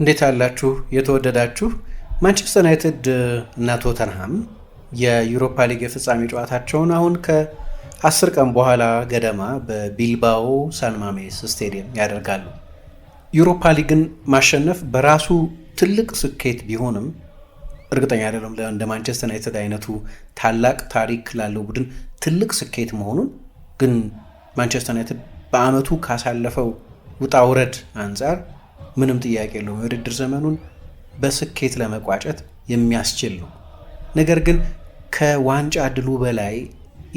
እንዴት አላችሁ የተወደዳችሁ ማንቸስተር ዩናይትድ እና ቶተንሃም የዩሮፓ ሊግ የፍጻሜ ጨዋታቸውን አሁን ከአስር ቀን በኋላ ገደማ በቢልባኦ ሳንማሜስ ስቴዲየም ያደርጋሉ። ዩሮፓ ሊግን ማሸነፍ በራሱ ትልቅ ስኬት ቢሆንም እርግጠኛ አይደለም እንደ ማንቸስተር ዩናይትድ አይነቱ ታላቅ ታሪክ ላለው ቡድን ትልቅ ስኬት መሆኑን ግን ማንቸስተር ዩናይትድ በአመቱ ካሳለፈው ውጣ ውረድ አንጻር ምንም ጥያቄ የለውም። የውድድር ዘመኑን በስኬት ለመቋጨት የሚያስችል ነው። ነገር ግን ከዋንጫ ድሉ በላይ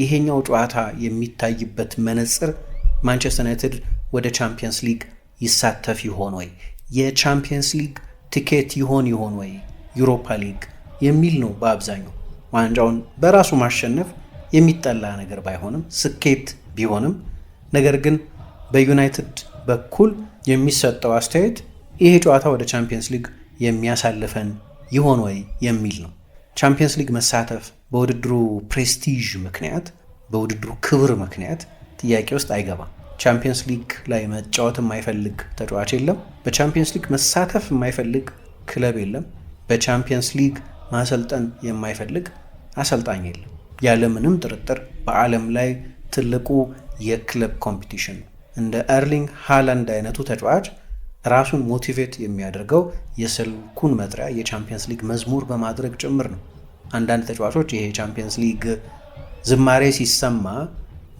ይሄኛው ጨዋታ የሚታይበት መነጽር ማንቸስተር ዩናይትድ ወደ ቻምፒየንስ ሊግ ይሳተፍ ይሆን ወይ፣ የቻምፒየንስ ሊግ ቲኬት ይሆን ይሆን ወይ፣ ዩሮፓ ሊግ የሚል ነው። በአብዛኛው ዋንጫውን በራሱ ማሸነፍ የሚጠላ ነገር ባይሆንም ስኬት ቢሆንም ነገር ግን በዩናይትድ በኩል የሚሰጠው አስተያየት ይሄ ጨዋታ ወደ ቻምፒየንስ ሊግ የሚያሳልፈን ይሆን ወይ የሚል ነው። ቻምፒየንስ ሊግ መሳተፍ በውድድሩ ፕሬስቲዥ ምክንያት በውድድሩ ክብር ምክንያት ጥያቄ ውስጥ አይገባም። ቻምፒየንስ ሊግ ላይ መጫወት የማይፈልግ ተጫዋች የለም። በቻምፒየንስ ሊግ መሳተፍ የማይፈልግ ክለብ የለም። በቻምፒየንስ ሊግ ማሰልጠን የማይፈልግ አሰልጣኝ የለም። ያለምንም ጥርጥር በዓለም ላይ ትልቁ የክለብ ኮምፒቲሽን ነው። እንደ ኤርሊንግ ሃላንድ አይነቱ ተጫዋች ራሱን ሞቲቬት የሚያደርገው የስልኩን መጥሪያ የቻምፒየንስ ሊግ መዝሙር በማድረግ ጭምር ነው። አንዳንድ ተጫዋቾች ይሄ የቻምፒየንስ ሊግ ዝማሬ ሲሰማ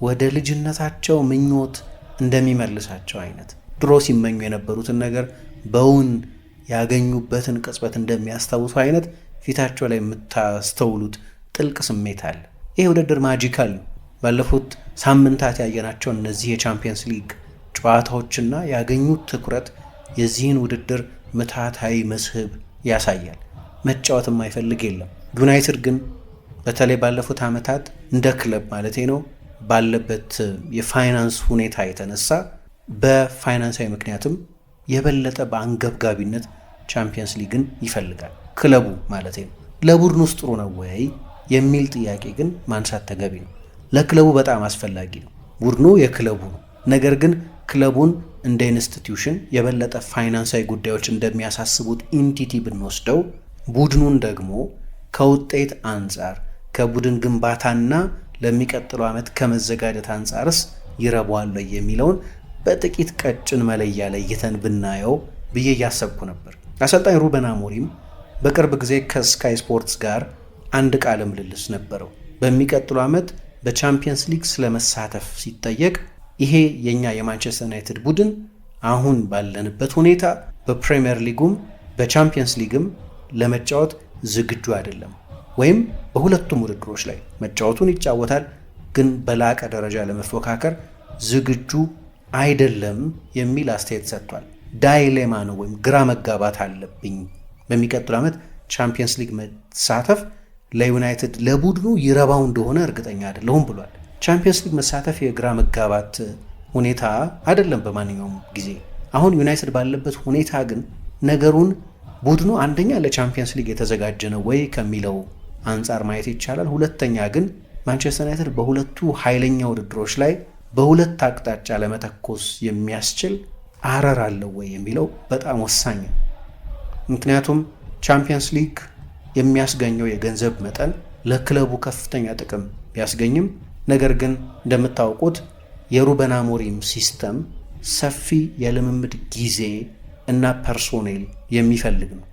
ወደ ልጅነታቸው ምኞት እንደሚመልሳቸው አይነት ድሮ ሲመኙ የነበሩትን ነገር በውን ያገኙበትን ቅጽበት እንደሚያስታውሱ አይነት ፊታቸው ላይ የምታስተውሉት ጥልቅ ስሜት አለ። ይህ ውድድር ማጂካል ነው። ባለፉት ሳምንታት ያየናቸው እነዚህ የቻምፒየንስ ሊግ ጨዋታዎችና ያገኙት ትኩረት የዚህን ውድድር ምታታዊ መስህብ ያሳያል። መጫወት የማይፈልግ የለም። ዩናይትድ ግን በተለይ ባለፉት ዓመታት እንደ ክለብ ማለቴ ነው ባለበት የፋይናንስ ሁኔታ የተነሳ በፋይናንሳዊ ምክንያትም የበለጠ በአንገብጋቢነት ቻምፒየንስ ሊግን ይፈልጋል ክለቡ ማለቴ ነው። ለቡድን ውስጥ ጥሩ ነው ወይ የሚል ጥያቄ ግን ማንሳት ተገቢ ነው። ለክለቡ በጣም አስፈላጊ ነው። ቡድኑ የክለቡ ነው። ነገር ግን ክለቡን እንደ ኢንስቲትዩሽን የበለጠ ፋይናንሳዊ ጉዳዮች እንደሚያሳስቡት ኢንቲቲ ብንወስደው ቡድኑን ደግሞ ከውጤት አንጻር ከቡድን ግንባታና ለሚቀጥለው ዓመት ከመዘጋጀት አንጻርስ ይረቧል የሚለውን በጥቂት ቀጭን መለያ ለይተን ብናየው ብዬ እያሰብኩ ነበር። አሰልጣኝ ሩበን አሞሪም በቅርብ ጊዜ ከስካይ ስፖርትስ ጋር አንድ ቃለ ምልልስ ነበረው። በሚቀጥለው ዓመት በቻምፒየንስ ሊግ ስለመሳተፍ ሲጠየቅ ይሄ የእኛ የማንቸስተር ዩናይትድ ቡድን አሁን ባለንበት ሁኔታ በፕሪምየር ሊጉም በቻምፒየንስ ሊግም ለመጫወት ዝግጁ አይደለም ወይም በሁለቱም ውድድሮች ላይ መጫወቱን ይጫወታል፣ ግን በላቀ ደረጃ ለመፎካከር ዝግጁ አይደለም የሚል አስተያየት ሰጥቷል። ዳይሌማ ነው ወይም ግራ መጋባት አለብኝ። በሚቀጥሉ ዓመት ቻምፒየንስ ሊግ መሳተፍ ለዩናይትድ ለቡድኑ ይረባው እንደሆነ እርግጠኛ አይደለሁም ብሏል። ቻምፒየንስ ሊግ መሳተፍ የግራ መጋባት ሁኔታ አይደለም በማንኛውም ጊዜ። አሁን ዩናይትድ ባለበት ሁኔታ ግን ነገሩን ቡድኑ አንደኛ ለቻምፒየንስ ሊግ የተዘጋጀ ነው ወይ ከሚለው አንጻር ማየት ይቻላል። ሁለተኛ ግን ማንቸስተር ዩናይትድ በሁለቱ ኃይለኛ ውድድሮች ላይ በሁለት አቅጣጫ ለመተኮስ የሚያስችል አረር አለው ወይ የሚለው በጣም ወሳኝ ነው። ምክንያቱም ቻምፒየንስ ሊግ የሚያስገኘው የገንዘብ መጠን ለክለቡ ከፍተኛ ጥቅም ቢያስገኝም ነገር ግን እንደምታውቁት የሩበን አሞሪም ሲስተም ሰፊ የልምምድ ጊዜ እና ፐርሶኔል የሚፈልግ ነው።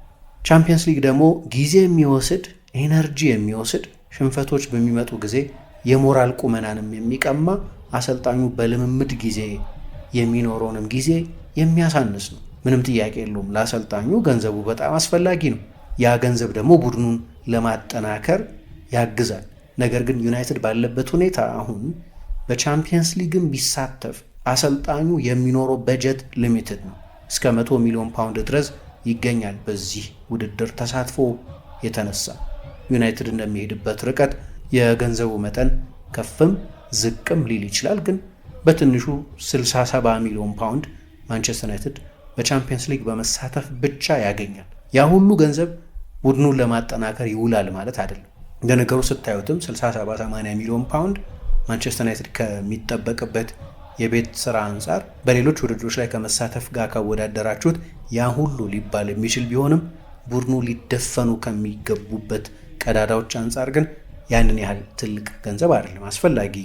ቻምፒየንስ ሊግ ደግሞ ጊዜ የሚወስድ ኤነርጂ የሚወስድ ሽንፈቶች በሚመጡ ጊዜ የሞራል ቁመናንም የሚቀማ አሰልጣኙ በልምምድ ጊዜ የሚኖረውንም ጊዜ የሚያሳንስ ነው። ምንም ጥያቄ የለውም። ለአሰልጣኙ ገንዘቡ በጣም አስፈላጊ ነው። ያ ገንዘብ ደግሞ ቡድኑን ለማጠናከር ያግዛል። ነገር ግን ዩናይትድ ባለበት ሁኔታ አሁን በቻምፒየንስ ሊግም ቢሳተፍ አሰልጣኙ የሚኖረው በጀት ሊሚትድ ነው። እስከ 100 ሚሊዮን ፓውንድ ድረስ ይገኛል። በዚህ ውድድር ተሳትፎ የተነሳ ዩናይትድ እንደሚሄድበት ርቀት የገንዘቡ መጠን ከፍም ዝቅም ሊል ይችላል። ግን በትንሹ 67 ሚሊዮን ፓውንድ ማንቸስተር ዩናይትድ በቻምፒየንስ ሊግ በመሳተፍ ብቻ ያገኛል። ያ ሁሉ ገንዘብ ቡድኑን ለማጠናከር ይውላል ማለት አይደለም። እንደ ነገሩ ስታዩትም 6780 ሚሊዮን ፓውንድ ማንቸስተር ዩናይትድ ከሚጠበቅበት የቤት ስራ አንጻር በሌሎች ውድድሮች ላይ ከመሳተፍ ጋር ካወዳደራችሁት ያ ሁሉ ሊባል የሚችል ቢሆንም ቡድኑ ሊደፈኑ ከሚገቡበት ቀዳዳዎች አንጻር ግን ያንን ያህል ትልቅ ገንዘብ አይደለም። አስፈላጊ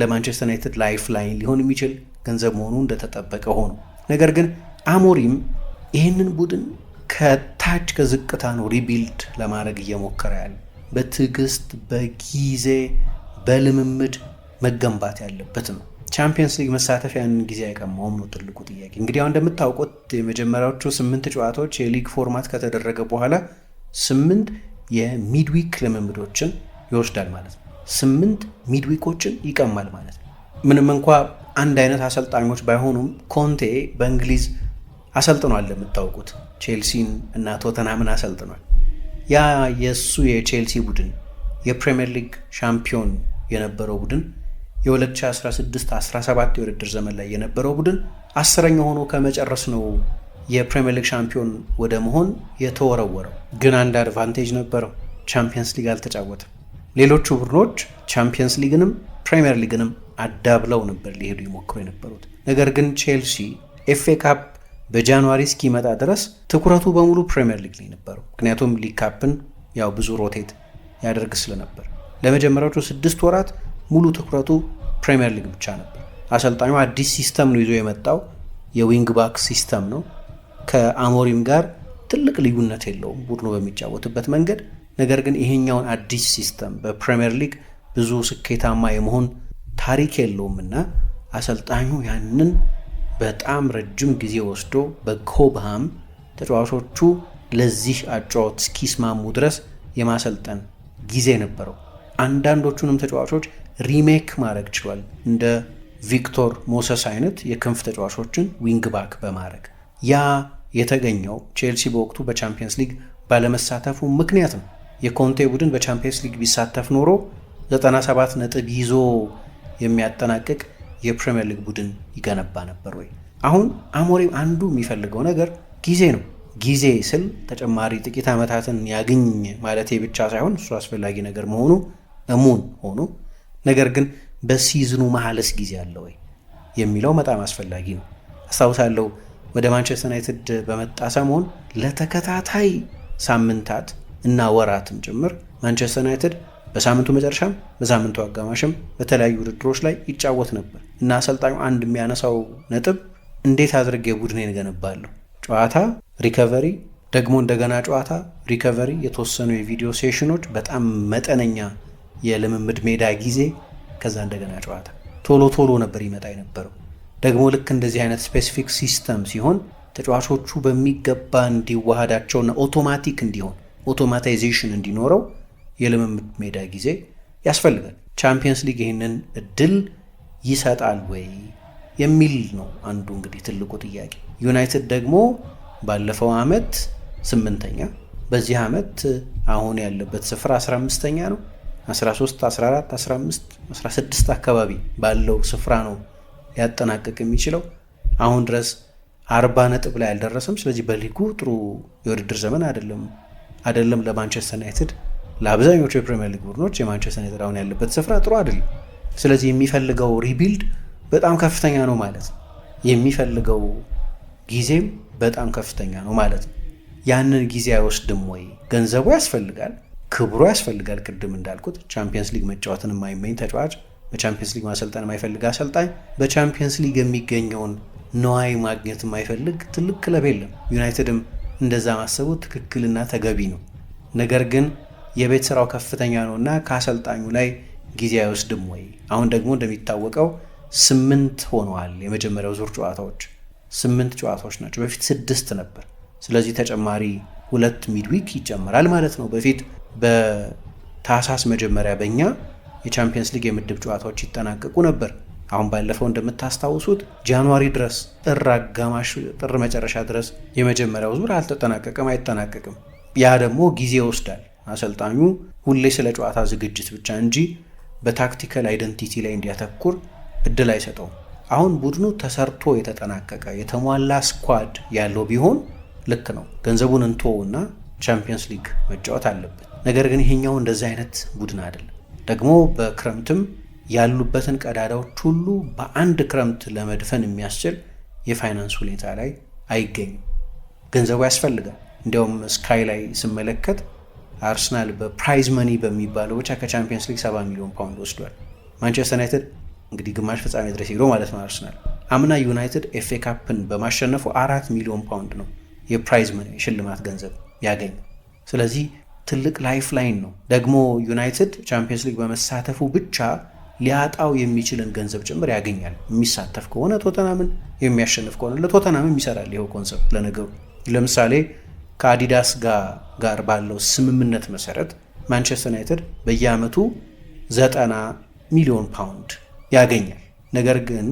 ለማንቸስተር ዩናይትድ ላይፍ ላይን ሊሆን የሚችል ገንዘብ መሆኑ እንደተጠበቀ ሆኖ ነገር ግን አሞሪም ይህንን ቡድን ከታች ከዝቅታ ነው ሪቢልድ ለማድረግ እየሞከረ ያለ። በትዕግስት በጊዜ በልምምድ መገንባት ያለበት ነው። ቻምፒየንስ ሊግ መሳተፍ ያንን ጊዜ አይቀማውም ነው ትልቁ ጥያቄ። እንግዲህ አሁን እንደምታውቁት የመጀመሪያዎቹ ስምንት ጨዋታዎች የሊግ ፎርማት ከተደረገ በኋላ ስምንት የሚድዊክ ልምምዶችን ይወስዳል ማለት ነው። ስምንት ሚድዊኮችን ይቀማል ማለት ነው። ምንም እንኳ አንድ አይነት አሰልጣኞች ባይሆኑም ኮንቴ በእንግሊዝ አሰልጥኗል። ለምታውቁት ቼልሲን እና ቶተናምን አሰልጥኗል። ያ የእሱ የቼልሲ ቡድን የፕሪምየር ሊግ ሻምፒዮን የነበረው ቡድን የ2016-17 የውድድር ዘመን ላይ የነበረው ቡድን አስረኛ ሆኖ ከመጨረስ ነው የፕሪምየር ሊግ ሻምፒዮን ወደ መሆን የተወረወረው። ግን አንድ አድቫንቴጅ ነበረው፣ ቻምፒየንስ ሊግ አልተጫወተም። ሌሎቹ ቡድኖች ቻምፒየንስ ሊግንም ፕሪምየር ሊግንም አዳብለው ነበር ሊሄዱ ይሞክሩ የነበሩት። ነገር ግን ቼልሲ ኤፍኤ ካፕ በጃንዋሪ እስኪመጣ ድረስ ትኩረቱ በሙሉ ፕሪምየር ሊግ ላይ ነበረው። ምክንያቱም ሊግ ካፕን ያው ብዙ ሮቴት ያደርግ ስለነበር ለመጀመሪያዎቹ ስድስት ወራት ሙሉ ትኩረቱ ፕሪምየር ሊግ ብቻ ነበር። አሰልጣኙ አዲስ ሲስተም ነው ይዞ የመጣው የዊንግ ባክ ሲስተም ነው። ከአሞሪም ጋር ትልቅ ልዩነት የለውም ቡድኑ በሚጫወትበት መንገድ። ነገር ግን ይሄኛውን አዲስ ሲስተም በፕሪምየር ሊግ ብዙ ስኬታማ የመሆን ታሪክ የለውም እና አሰልጣኙ ያንን በጣም ረጅም ጊዜ ወስዶ በኮብሃም ተጫዋቾቹ ለዚህ አጫዋት እስኪስማሙ ድረስ የማሰልጠን ጊዜ ነበረው። አንዳንዶቹንም ተጫዋቾች ሪሜክ ማድረግ ችሏል። እንደ ቪክቶር ሞሰስ አይነት የክንፍ ተጫዋቾችን ዊንግ ባክ በማድረግ ያ የተገኘው ቼልሲ በወቅቱ በቻምፒየንስ ሊግ ባለመሳተፉ ምክንያት ነው። የኮንቴ ቡድን በቻምፒየንስ ሊግ ቢሳተፍ ኖሮ 97 ነጥብ ይዞ የሚያጠናቅቅ የፕሪምየር ሊግ ቡድን ይገነባ ነበር ወይ? አሁን አሞሪም አንዱ የሚፈልገው ነገር ጊዜ ነው። ጊዜ ስል ተጨማሪ ጥቂት ዓመታትን ያግኝ ማለት ብቻ ሳይሆን እሱ አስፈላጊ ነገር መሆኑ እሙን ሆኖ ነገር ግን በሲዝኑ መሀልስ ጊዜ አለ ወይ የሚለው በጣም አስፈላጊ ነው። አስታውሳለሁ ወደ ማንቸስተር ዩናይትድ በመጣ ሰሞን ለተከታታይ ሳምንታት እና ወራትም ጭምር ማንቸስተር ዩናይትድ በሳምንቱ መጨረሻም በሳምንቱ አጋማሽም በተለያዩ ውድድሮች ላይ ይጫወት ነበር እና አሰልጣኙ አንድ የሚያነሳው ነጥብ እንዴት አድርጌ ቡድኔን እገነባለሁ፣ ጨዋታ፣ ሪከቨሪ፣ ደግሞ እንደገና ጨዋታ፣ ሪከቨሪ፣ የተወሰኑ የቪዲዮ ሴሽኖች፣ በጣም መጠነኛ የልምምድ ሜዳ ጊዜ፣ ከዛ እንደገና ጨዋታ። ቶሎ ቶሎ ነበር ይመጣ የነበረው። ደግሞ ልክ እንደዚህ አይነት ስፔሲፊክ ሲስተም ሲሆን ተጫዋቾቹ በሚገባ እንዲዋሃዳቸውና ኦቶማቲክ እንዲሆን ኦቶማታይዜሽን እንዲኖረው የልምምድ ሜዳ ጊዜ ያስፈልጋል። ቻምፒየንስ ሊግ ይህንን እድል ይሰጣል ወይ የሚል ነው አንዱ እንግዲህ ትልቁ ጥያቄ። ዩናይትድ ደግሞ ባለፈው ዓመት ስምንተኛ በዚህ ዓመት አሁን ያለበት ስፍራ 15ኛ ነው። 13፣ 14፣ 15፣ 16 አካባቢ ባለው ስፍራ ነው ሊያጠናቀቅ የሚችለው። አሁን ድረስ 40 ነጥብ ላይ አልደረሰም። ስለዚህ በሊጉ ጥሩ የውድድር ዘመን አይደለም አይደለም ለማንቸስተር ዩናይትድ ለአብዛኞቹ የፕሪሚየር ሊግ ቡድኖች የማንቸስተር ዩናይትድ አሁን ያለበት ስፍራ ጥሩ አይደለም። ስለዚህ የሚፈልገው ሪቢልድ በጣም ከፍተኛ ነው ማለት ነው። የሚፈልገው ጊዜም በጣም ከፍተኛ ነው ማለት ነው። ያንን ጊዜ አይወስድም ወይ? ገንዘቡ ያስፈልጋል፣ ክብሩ ያስፈልጋል። ቅድም እንዳልኩት ቻምፒየንስ ሊግ መጫወትን የማይመኝ ተጫዋች፣ በቻምፒየንስ ሊግ ማሰልጠን የማይፈልግ አሰልጣኝ፣ በቻምፒየንስ ሊግ የሚገኘውን ነዋይ ማግኘት የማይፈልግ ትልቅ ክለብ የለም። ዩናይትድም እንደዛ ማሰቡ ትክክልና ተገቢ ነው። ነገር ግን የቤት ስራው ከፍተኛ ነው እና ከአሰልጣኙ ላይ ጊዜ አይወስድም ወይ? አሁን ደግሞ እንደሚታወቀው ስምንት ሆነዋል። የመጀመሪያው ዙር ጨዋታዎች ስምንት ጨዋታዎች ናቸው። በፊት ስድስት ነበር። ስለዚህ ተጨማሪ ሁለት ሚድዊክ ይጨመራል ማለት ነው። በፊት በታህሳስ መጀመሪያ በኛ የቻምፒየንስ ሊግ የምድብ ጨዋታዎች ይጠናቀቁ ነበር። አሁን ባለፈው እንደምታስታውሱት ጃንዋሪ ድረስ ጥር አጋማሽ ጥር መጨረሻ ድረስ የመጀመሪያው ዙር አልተጠናቀቀም፣ አይጠናቀቅም። ያ ደግሞ ጊዜ ይወስዳል። አሰልጣኙ ሁሌ ስለ ጨዋታ ዝግጅት ብቻ እንጂ በታክቲካል አይደንቲቲ ላይ እንዲያተኩር እድል አይሰጠውም። አሁን ቡድኑ ተሰርቶ የተጠናቀቀ የተሟላ ስኳድ ያለው ቢሆን ልክ ነው፣ ገንዘቡን እንትወውና ቻምፒየንስ ሊግ መጫወት አለበት። ነገር ግን ይሄኛው እንደዚህ አይነት ቡድን አይደለም። ደግሞ በክረምትም ያሉበትን ቀዳዳዎች ሁሉ በአንድ ክረምት ለመድፈን የሚያስችል የፋይናንስ ሁኔታ ላይ አይገኝም። ገንዘቡ ያስፈልጋል። እንዲያውም ስካይ ላይ ስመለከት አርሰናል በፕራይዝ መኒ በሚባለው ብቻ ከቻምፒየንስ ሊግ 70 ሚሊዮን ፓውንድ ወስዷል። ማንቸስተር ዩናይትድ እንግዲህ ግማሽ ፍጻሜ ድረስ ሄዶ ማለት ነው። አርሰናል አምና ዩናይትድ ኤፍኤ ካፕን በማሸነፉ አራት ሚሊዮን ፓውንድ ነው የፕራይዝ መኒ የሽልማት ገንዘብ ያገኙ። ስለዚህ ትልቅ ላይፍ ላይን ነው። ደግሞ ዩናይትድ ቻምፒየንስ ሊግ በመሳተፉ ብቻ ሊያጣው የሚችልን ገንዘብ ጭምር ያገኛል። የሚሳተፍ ከሆነ ቶተናምን የሚያሸንፍ ከሆነ ለቶተናምን ይሰራል። ይኸው ኮንሰፕት ለነገሩ ለምሳሌ ከአዲዳስ ጋር ባለው ስምምነት መሰረት ማንቸስተር ዩናይትድ በየአመቱ ዘጠና ሚሊዮን ፓውንድ ያገኛል። ነገር ግን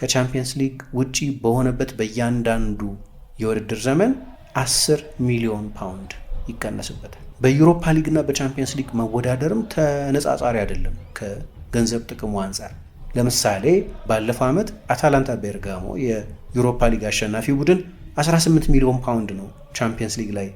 ከቻምፒየንስ ሊግ ውጪ በሆነበት በእያንዳንዱ የውድድር ዘመን 10 ሚሊዮን ፓውንድ ይቀነስበታል። በዩሮፓ ሊግና በቻምፒየንስ ሊግ መወዳደርም ተነጻጻሪ አይደለም ከገንዘብ ጥቅሙ አንጻር። ለምሳሌ ባለፈው ዓመት አታላንታ ቤርጋሞ የዩሮፓ ሊግ አሸናፊ ቡድን 18 ሚሊዮን ፓውንድ ነው ቻምፒየንስ ሊግ ላይ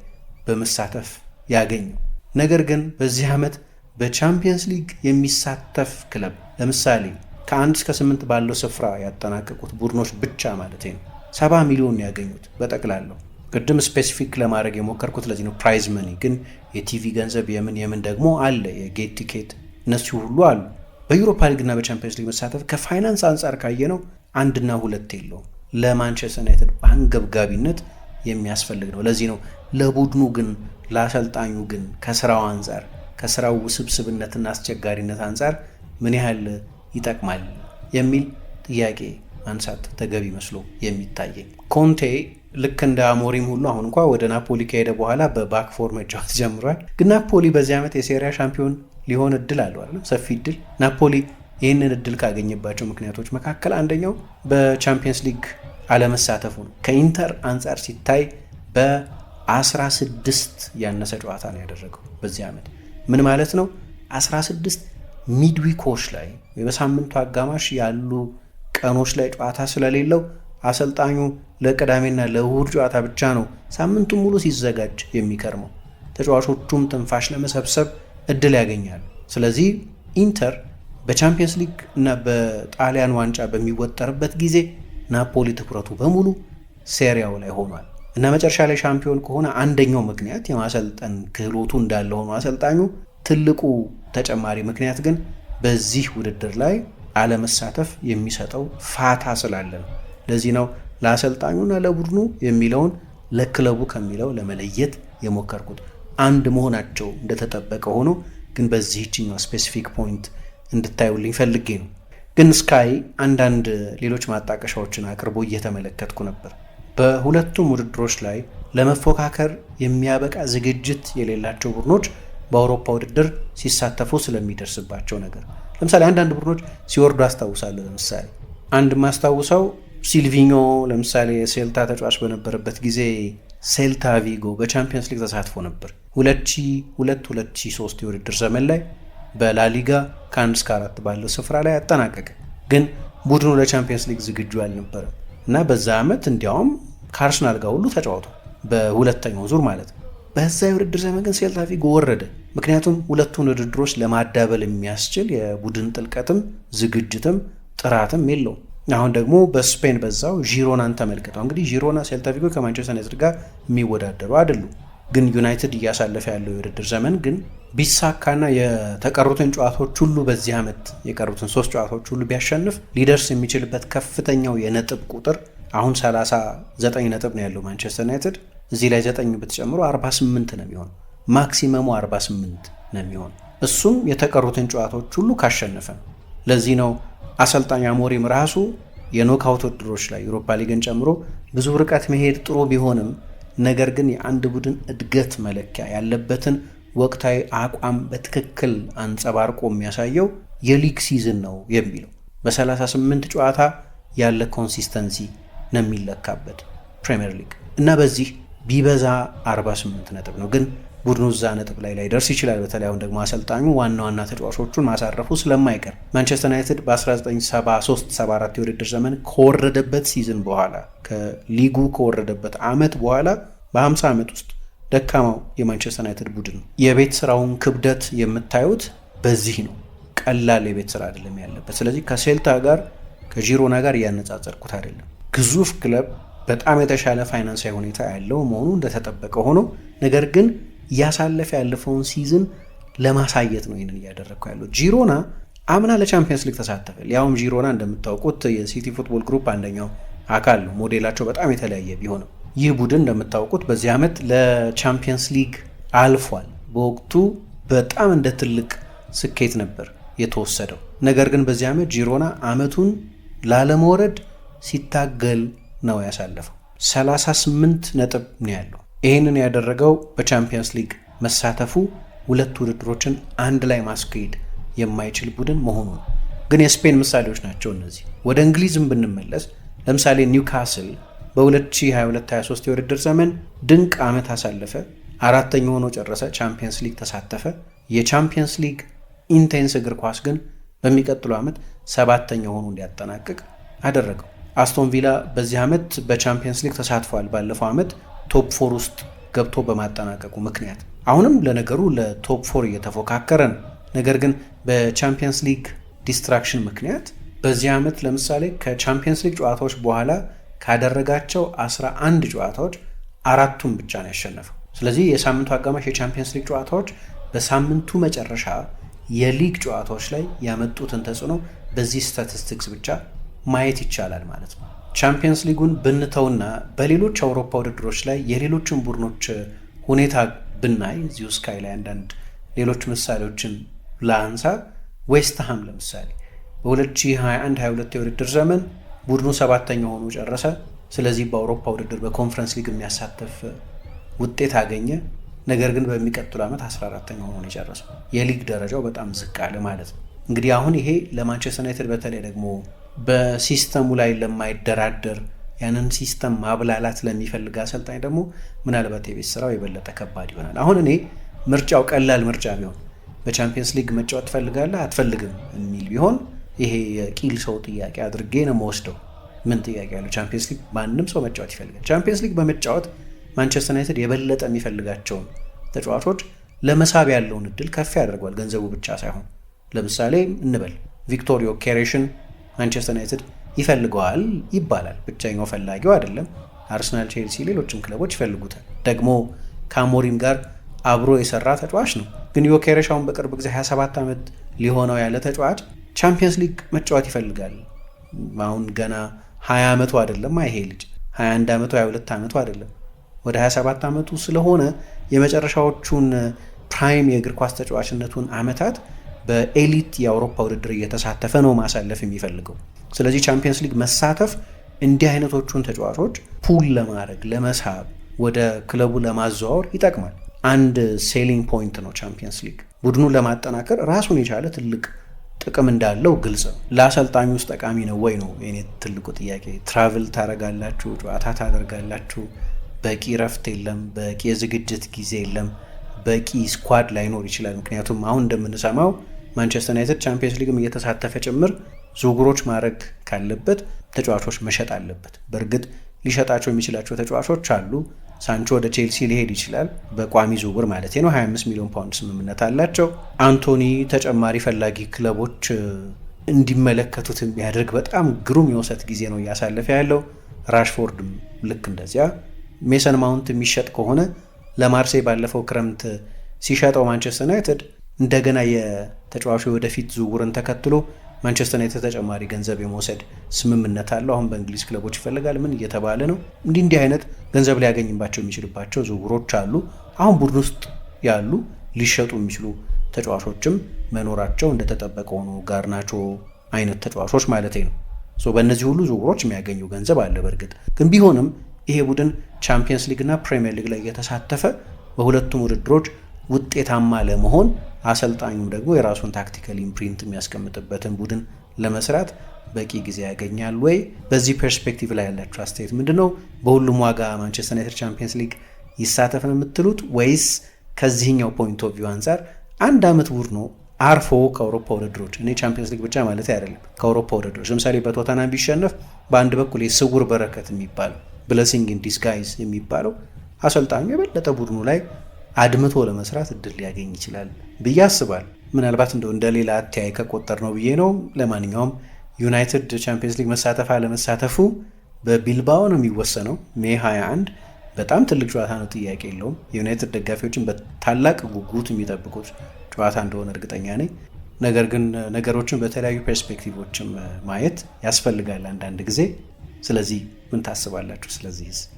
በመሳተፍ ያገኘው። ነገር ግን በዚህ ዓመት በቻምፒየንስ ሊግ የሚሳተፍ ክለብ ለምሳሌ ከአንድ እስከ ስምንት ባለው ስፍራ ያጠናቀቁት ቡድኖች ብቻ ማለት ነው ሰባ ሚሊዮን ያገኙት በጠቅላላው። ቅድም ስፔሲፊክ ለማድረግ የሞከርኩት ለዚህ ነው። ፕራይዝ መኒ ግን የቲቪ ገንዘብ የምን የምን ደግሞ አለ፣ የጌት ቲኬት እነሱ ሁሉ አሉ። በዩሮፓ ሊግና በቻምፒየንስ ሊግ መሳተፍ ከፋይናንስ አንጻር ካየ ነው አንድና ሁለት የለውም። ለማንቸስተር ዩናይትድ በአንገብጋቢነት የሚያስፈልግ ነው። ለዚህ ነው ለቡድኑ ግን ለአሰልጣኙ ግን ከስራው አንጻር ከስራው ውስብስብነትና አስቸጋሪነት አንጻር ምን ያህል ይጠቅማል የሚል ጥያቄ ማንሳት ተገቢ መስሎ የሚታየኝ ኮንቴ ልክ እንደ አሞሪም ሁሉ አሁን እንኳ ወደ ናፖሊ ከሄደ በኋላ በባክፎር መጫወት ጀምሯል። ግን ናፖሊ በዚህ ዓመት የሴሪያ ሻምፒዮን ሊሆን እድል አለው ሰፊ እድል። ናፖሊ ይህንን እድል ካገኘባቸው ምክንያቶች መካከል አንደኛው በቻምፒየንስ ሊግ አለመሳተፉ ነው። ከኢንተር አንጻር ሲታይ በ16 ያነሰ ጨዋታ ነው ያደረገው በዚህ ዓመት። ምን ማለት ነው? 16 ሚድዊኮች ላይ በሳምንቱ አጋማሽ ያሉ ቀኖች ላይ ጨዋታ ስለሌለው አሰልጣኙ ለቅዳሜና ለእሁድ ጨዋታ ብቻ ነው ሳምንቱን ሙሉ ሲዘጋጅ የሚከርመው። ተጫዋቾቹም ትንፋሽ ለመሰብሰብ እድል ያገኛሉ። ስለዚህ ኢንተር በቻምፒየንስ ሊግ እና በጣሊያን ዋንጫ በሚወጠርበት ጊዜ ናፖሊ ትኩረቱ በሙሉ ሴሪያው ላይ ሆኗል እና መጨረሻ ላይ ሻምፒዮን ከሆነ አንደኛው ምክንያት የማሰልጠን ክህሎቱ እንዳለ ሆኖ አሰልጣኙ ትልቁ ተጨማሪ ምክንያት ግን በዚህ ውድድር ላይ አለመሳተፍ የሚሰጠው ፋታ ስላለ ነው። ለዚህ ነው ለአሰልጣኙና ለቡድኑ የሚለውን ለክለቡ ከሚለው ለመለየት የሞከርኩት። አንድ መሆናቸው እንደተጠበቀ ሆኖ ግን በዚህችኛው ስፔሲፊክ ፖይንት እንድታዩልኝ ፈልጌ ነው። ግን ስካይ አንዳንድ ሌሎች ማጣቀሻዎችን አቅርቦ እየተመለከትኩ ነበር። በሁለቱም ውድድሮች ላይ ለመፎካከር የሚያበቃ ዝግጅት የሌላቸው ቡድኖች በአውሮፓ ውድድር ሲሳተፉ ስለሚደርስባቸው ነገር፣ ለምሳሌ አንዳንድ ቡድኖች ሲወርዱ አስታውሳለሁ። ለምሳሌ አንድ ማስታውሰው ሲልቪኞ ለምሳሌ ሴልታ ተጫዋች በነበረበት ጊዜ ሴልታ ቪጎ በቻምፒየንስ ሊግ ተሳትፎ ነበር 2002 2003 የውድድር ዘመን ላይ በላሊጋ ከአንድ እስከ አራት ባለው ስፍራ ላይ አጠናቀቀ። ግን ቡድኑ ለቻምፒየንስ ሊግ ዝግጁ አልነበረ እና በዛ ዓመት እንዲያውም ከአርሰናል ጋር ሁሉ ተጫውቷል፣ በሁለተኛው ዙር ማለት ነው። በዛ የውድድር ዘመን ግን ሴልታ ቪጎ ወረደ። ምክንያቱም ሁለቱን ውድድሮች ለማዳበል የሚያስችል የቡድን ጥልቀትም ዝግጅትም ጥራትም የለውም። አሁን ደግሞ በስፔን በዛው ዢሮናን ተመልክተው እንግዲህ ዢሮና ሴልታ ቪጎ ከማንቸስተር ዩናይትድ ጋር የሚወዳደሩ አይደሉም። ግን ዩናይትድ እያሳለፈ ያለው የውድድር ዘመን ግን ቢሳካና የተቀሩትን ጨዋታዎች ሁሉ በዚህ ዓመት የቀሩትን ሶስት ጨዋታዎች ሁሉ ቢያሸንፍ ሊደርስ የሚችልበት ከፍተኛው የነጥብ ቁጥር አሁን 39 ነጥብ ነው ያለው ማንቸስተር ዩናይትድ። እዚህ ላይ 9 ብትጨምሮ 48 ነው የሚሆን፣ ማክሲመሙ 48 ነው የሚሆን። እሱም የተቀሩትን ጨዋታዎች ሁሉ ካሸነፈ። ለዚህ ነው አሰልጣኝ አሞሪም ራሱ የኖክአውት ውድድሮች ላይ ዩሮፓ ሊግን ጨምሮ ብዙ ርቀት መሄድ ጥሩ ቢሆንም ነገር ግን የአንድ ቡድን እድገት መለኪያ ያለበትን ወቅታዊ አቋም በትክክል አንጸባርቆ የሚያሳየው የሊግ ሲዝን ነው የሚለው በ38 ጨዋታ ያለ ኮንሲስተንሲ ነው የሚለካበት ፕሪምየር ሊግ እና በዚህ ቢበዛ 48 ነጥብ ነው ግን ቡድኑ እዛ ነጥብ ላይ ደርስ ይችላል። በተለይ አሁን ደግሞ አሰልጣኙ ዋና ዋና ተጫዋቾቹን ማሳረፉ ስለማይቀር ማንቸስተር ዩናይትድ በ1973/74 የውድድር ዘመን ከወረደበት ሲዝን በኋላ ከሊጉ ከወረደበት አመት በኋላ በ50 ዓመት ውስጥ ደካማው የማንቸስተር ዩናይትድ ቡድን ነው። የቤት ስራውን ክብደት የምታዩት በዚህ ነው። ቀላል የቤት ስራ አይደለም ያለበት። ስለዚህ ከሴልታ ጋር ከጂሮና ጋር እያነጻጸርኩት አይደለም። ግዙፍ ክለብ በጣም የተሻለ ፋይናንሳዊ ሁኔታ ያለው መሆኑ እንደተጠበቀ ሆኖ ነገር ግን እያሳለፈ ያለፈውን ሲዝን ለማሳየት ነው ይህንን እያደረግኩ ያለው። ጂሮና አምና ለቻምፒየንስ ሊግ ተሳተፈ። ያውም ጂሮና እንደምታውቁት የሲቲ ፉትቦል ግሩፕ አንደኛው አካል ነው። ሞዴላቸው በጣም የተለያየ ቢሆንም ይህ ቡድን እንደምታውቁት በዚህ ዓመት ለቻምፒየንስ ሊግ አልፏል። በወቅቱ በጣም እንደ ትልቅ ስኬት ነበር የተወሰደው። ነገር ግን በዚህ ዓመት ጂሮና ዓመቱን ላለመውረድ ሲታገል ነው ያሳለፈው። 38 ነጥብ ነው ያለው። ይህንን ያደረገው በቻምፒየንስ ሊግ መሳተፉ ሁለት ውድድሮችን አንድ ላይ ማስካሄድ የማይችል ቡድን መሆኑ ነው። ግን የስፔን ምሳሌዎች ናቸው እነዚህ። ወደ እንግሊዝም ብንመለስ ለምሳሌ ኒውካስል በ2022/23 የውድድር ዘመን ድንቅ ዓመት አሳለፈ። አራተኛ ሆኖ ጨረሰ። ቻምፒየንስ ሊግ ተሳተፈ። የቻምፒየንስ ሊግ ኢንቴንስ እግር ኳስ ግን በሚቀጥለው ዓመት ሰባተኛ ሆኖ እንዲያጠናቅቅ አደረገው። አስቶን ቪላ በዚህ ዓመት በቻምፒየንስ ሊግ ተሳትፏል። ባለፈው ዓመት ቶፕ ፎር ውስጥ ገብቶ በማጠናቀቁ ምክንያት አሁንም ለነገሩ ለቶፕ ፎር እየተፎካከረ ነው። ነገር ግን በቻምፒየንስ ሊግ ዲስትራክሽን ምክንያት በዚህ ዓመት ለምሳሌ ከቻምፒየንስ ሊግ ጨዋታዎች በኋላ ካደረጋቸው 11 ጨዋታዎች አራቱን ብቻ ነው ያሸነፈው። ስለዚህ የሳምንቱ አጋማሽ የቻምፒየንስ ሊግ ጨዋታዎች በሳምንቱ መጨረሻ የሊግ ጨዋታዎች ላይ ያመጡትን ተጽዕኖ በዚህ ስታቲስቲክስ ብቻ ማየት ይቻላል ማለት ነው። ቻምፒየንስ ሊጉን ብንተውና በሌሎች አውሮፓ ውድድሮች ላይ የሌሎችን ቡድኖች ሁኔታ ብናይ እዚሁ ስካይ ላይ አንዳንድ ሌሎች ምሳሌዎችን ላንሳ። ዌስትሃም ለምሳሌ በ2021/22 የውድድር ዘመን ቡድኑ ሰባተኛ ሆኖ ጨረሰ። ስለዚህ በአውሮፓ ውድድር በኮንፈረንስ ሊግ የሚያሳተፍ ውጤት አገኘ። ነገር ግን በሚቀጥሉ ዓመት 14ተኛ ሆኖ የጨረሰው የሊግ ደረጃው በጣም ዝቅ አለ ማለት ነው። እንግዲህ አሁን ይሄ ለማንቸስተር ዩናይትድ በተለይ ደግሞ በሲስተሙ ላይ ለማይደራደር ያንን ሲስተም ማብላላት ለሚፈልግ አሰልጣኝ ደግሞ ምናልባት የቤት ስራው የበለጠ ከባድ ይሆናል። አሁን እኔ ምርጫው ቀላል ምርጫ ቢሆን በቻምፒየንስ ሊግ መጫወት ትፈልጋለህ አትፈልግም የሚል ቢሆን ይሄ የቂል ሰው ጥያቄ አድርጌ ነው መወስደው። ምን ጥያቄ ያለው? ቻምፒየንስ ሊግ ማንም ሰው መጫወት ይፈልጋል። ቻምፒየንስ ሊግ በመጫወት ማንቸስተር ዩናይትድ የበለጠ የሚፈልጋቸውን ተጫዋቾች ለመሳብ ያለውን እድል ከፍ ያደርገዋል፣ ገንዘቡ ብቻ ሳይሆን። ለምሳሌ እንበል ቪክቶሪዮ ኬሬሽን ማንቸስተር ዩናይትድ ይፈልገዋል ይባላል። ብቸኛው ፈላጊው አይደለም። አርሰናል፣ ቼልሲ፣ ሌሎችም ክለቦች ይፈልጉታል። ደግሞ ከአሞሪም ጋር አብሮ የሰራ ተጫዋች ነው። ግን ዮኬረሻውን በቅርብ ጊዜ 27 ዓመት ሊሆነው ያለ ተጫዋች ቻምፒየንስ ሊግ መጫወት ይፈልጋል። አሁን ገና 20 ዓመቱ አይደለም። ይሄ ልጅ 21 ዓመቱ 22 ዓመቱ አይደለም። ወደ 27 ዓመቱ ስለሆነ የመጨረሻዎቹን ፕራይም የእግር ኳስ ተጫዋችነቱን ዓመታት በኤሊት የአውሮፓ ውድድር እየተሳተፈ ነው ማሳለፍ የሚፈልገው። ስለዚህ ቻምፒየንስ ሊግ መሳተፍ እንዲህ አይነቶቹን ተጫዋቾች ፑል ለማድረግ ለመሳብ ወደ ክለቡ ለማዘዋወር ይጠቅማል። አንድ ሴሊንግ ፖይንት ነው ቻምፒየንስ ሊግ። ቡድኑን ለማጠናከር ራሱን የቻለ ትልቅ ጥቅም እንዳለው ግልጽ ነው። ለአሰልጣኙ ውስጥ ጠቃሚ ነው ወይ ነው የኔ ትልቁ ጥያቄ። ትራቭል ታደርጋላችሁ፣ ጨዋታ ታደርጋላችሁ፣ በቂ እረፍት የለም፣ በቂ የዝግጅት ጊዜ የለም፣ በቂ ስኳድ ላይኖር ይችላል። ምክንያቱም አሁን እንደምንሰማው ማንቸስተር ዩናይትድ ቻምፒየንስ ሊግም እየተሳተፈ ጭምር ዝውውሮች ማድረግ ካለበት ተጫዋቾች መሸጥ አለበት። በእርግጥ ሊሸጣቸው የሚችላቸው ተጫዋቾች አሉ። ሳንቾ ወደ ቼልሲ ሊሄድ ይችላል፣ በቋሚ ዝውውር ማለት ነው። 25 ሚሊዮን ፓውንድ ስምምነት አላቸው። አንቶኒ ተጨማሪ ፈላጊ ክለቦች እንዲመለከቱት የሚያደርግ በጣም ግሩም የውሰት ጊዜ ነው እያሳለፈ ያለው። ራሽፎርድም ልክ እንደዚያ። ሜሰን ማውንት የሚሸጥ ከሆነ ለማርሴይ ባለፈው ክረምት ሲሸጠው ማንቸስተር ዩናይትድ እንደገና ተጫዋቹ የወደፊት ዝውውርን ተከትሎ ማንቸስተር ዩናይትድ ተጨማሪ ገንዘብ የመውሰድ ስምምነት አለው። አሁን በእንግሊዝ ክለቦች ይፈልጋል ምን እየተባለ ነው። እንዲህ እንዲህ አይነት ገንዘብ ሊያገኝባቸው የሚችልባቸው ዝውውሮች አሉ። አሁን ቡድን ውስጥ ያሉ ሊሸጡ የሚችሉ ተጫዋቾችም መኖራቸው እንደተጠበቀ ሆኖ ጋር ናቸው አይነት ተጫዋቾች ማለት ነው። በእነዚህ ሁሉ ዝውውሮች የሚያገኙ ገንዘብ አለ። በእርግጥ ግን ቢሆንም ይሄ ቡድን ቻምፒየንስ እና ፕሪሚየር ሊግ ላይ እየተሳተፈ በሁለቱም ውድድሮች ውጤታማ ለመሆን አሰልጣኙ ደግሞ የራሱን ታክቲካል ኢምፕሪንት የሚያስቀምጥበትን ቡድን ለመስራት በቂ ጊዜ ያገኛል ወይ? በዚህ ፐርስፔክቲቭ ላይ ያላችሁ አስተያየት ምንድን ነው? በሁሉም ዋጋ ማንቸስተር ዩናይትድ ቻምፒየንስ ሊግ ይሳተፍ ነው የምትሉት ወይስ ከዚህኛው ፖይንት ኦፍ ቪው አንጻር አንድ ዓመት ቡድኑ አርፎ ከአውሮፓ ውድድሮች እኔ ቻምፒየንስ ሊግ ብቻ ማለት አይደለም፣ ከአውሮፓ ውድድሮች ለምሳሌ በቶተናም ቢሸነፍ በአንድ በኩል የስውር በረከት የሚባለው ብለሲንግ ኢን ዲስጋይዝ የሚባለው አሰልጣኙ የበለጠ ቡድኑ ላይ አድምቶ ለመስራት እድል ሊያገኝ ይችላል ብዬ አስባል። ምናልባት እንደው እንደ ሌላ አተያይ ከቆጠር ነው ብዬ ነው። ለማንኛውም ዩናይትድ ቻምፒየንስ ሊግ መሳተፍ አለመሳተፉ በቢልባኦ ነው የሚወሰነው። ሜ 21 በጣም ትልቅ ጨዋታ ነው፣ ጥያቄ የለውም። የዩናይትድ ደጋፊዎችን በታላቅ ጉጉት የሚጠብቁት ጨዋታ እንደሆነ እርግጠኛ ነኝ። ነገር ግን ነገሮችን በተለያዩ ፐርስፔክቲቮችም ማየት ያስፈልጋል አንዳንድ ጊዜ። ስለዚህ ምን ታስባላችሁ? ስለዚህ